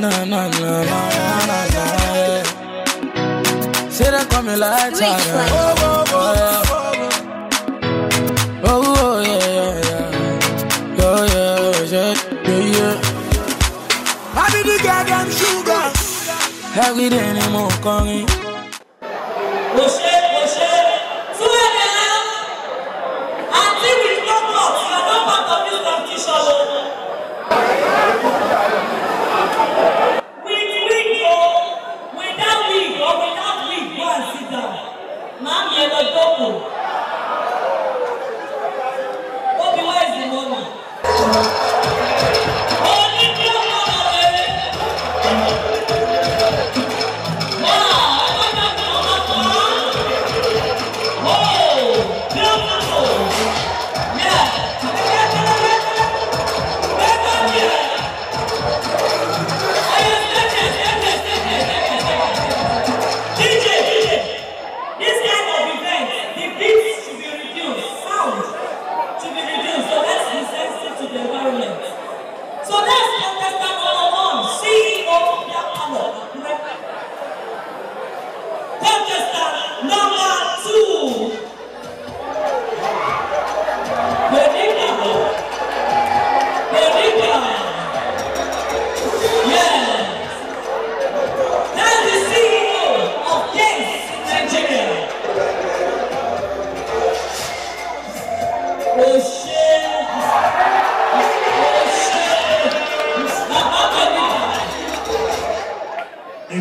na na na na na na. that coming Oh oh oh oh, oh. oh oh yeah yeah yeah. Oh yeah oh, yeah yeah yeah. I be the sugar.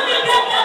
Come and get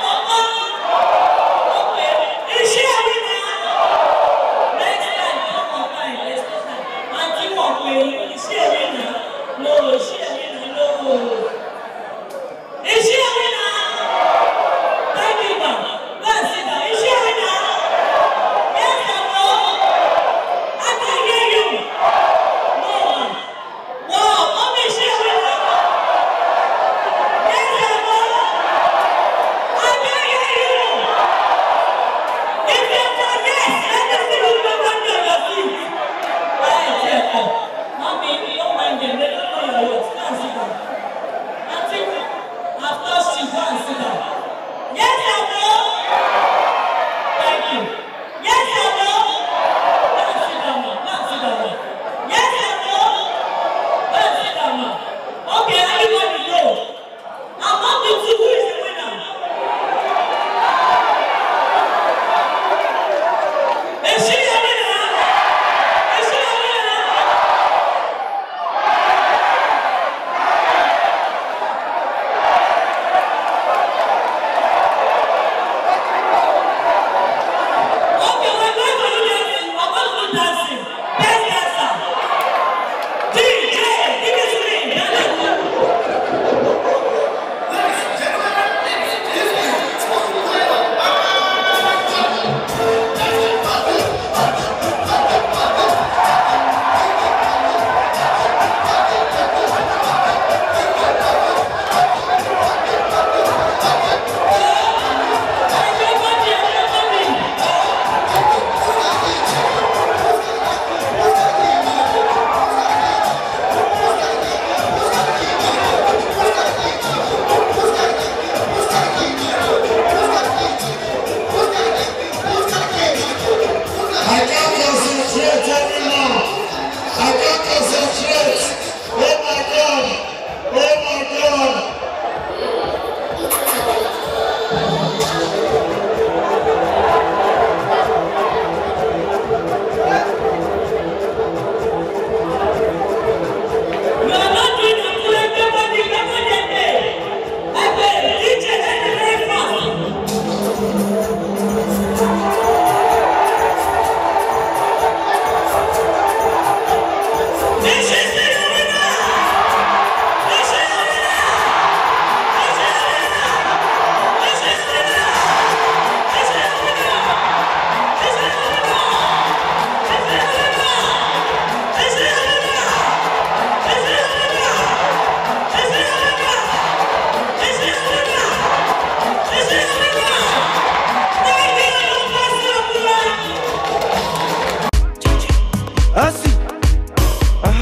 Shit,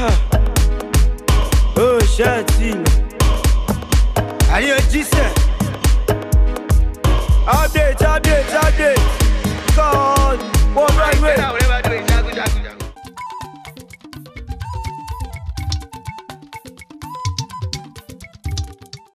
Oh, are you Shatine. I'll be, I'll be.